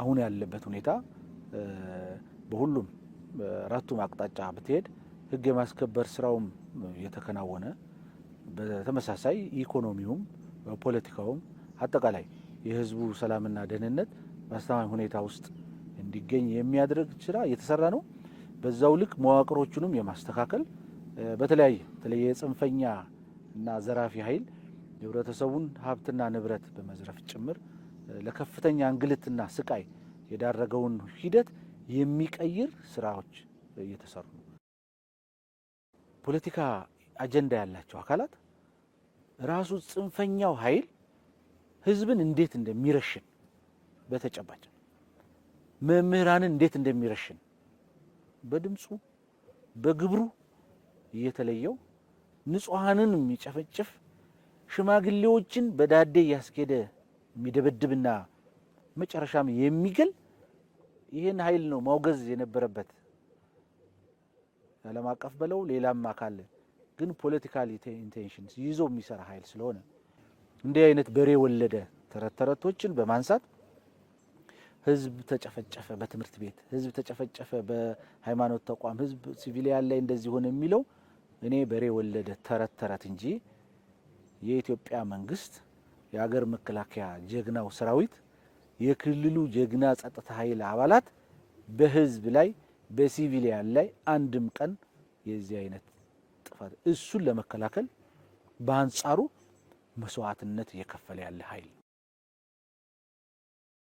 አሁን ያለበት ሁኔታ በሁሉም አራቱም አቅጣጫ ብትሄድ ህግ የማስከበር ስራውም የተከናወነ በተመሳሳይ ኢኮኖሚውም ፖለቲካውም አጠቃላይ የህዝቡ ሰላምና ደህንነት በአስተማማኝ ሁኔታ ውስጥ እንዲገኝ የሚያደርግ ስራ እየተሰራ ነው። በዛው ልክ መዋቅሮቹንም የማስተካከል በተለያየ በተለየ የጽንፈኛ እና ዘራፊ ኃይል የህብረተሰቡን ሀብትና ንብረት በመዝረፍ ጭምር ለከፍተኛ እንግልትና ስቃይ የዳረገውን ሂደት የሚቀይር ስራዎች እየተሰሩ ነው። ፖለቲካ አጀንዳ ያላቸው አካላት ራሱ ጽንፈኛው ኃይል ህዝብን እንዴት እንደሚረሽን በተጨባጭ መምህራንን እንዴት እንደሚረሽን በድምፁ በግብሩ እየተለየው ንጹሐንን የሚጨፈጭፍ ሽማግሌዎችን በዳዴ እያስኬደ የሚደበድብና መጨረሻም የሚገል ይህን ኃይል ነው ማውገዝ የነበረበት። ዓለም አቀፍ በለው ሌላም አካል ግን ፖለቲካል ኢንቴንሽን ይዞ የሚሰራ ኃይል ስለሆነ እንዲህ አይነት በሬ ወለደ ተረት ተረቶችን በማንሳት ህዝብ ተጨፈጨፈ በትምህርት ቤት፣ ህዝብ ተጨፈጨፈ በሃይማኖት ተቋም፣ ህዝብ ሲቪሊያን ላይ እንደዚህ ሆነ የሚለው እኔ በሬ ወለደ ተረት ተረት እንጂ የኢትዮጵያ መንግስት የሀገር መከላከያ ጀግናው ሰራዊት የክልሉ ጀግና ጸጥታ ኃይል አባላት በህዝብ ላይ በሲቪሊያን ላይ አንድም ቀን የዚህ አይነት ጥፋት እሱን ለመከላከል በአንጻሩ መስዋዕትነት እየከፈለ ያለ ኃይል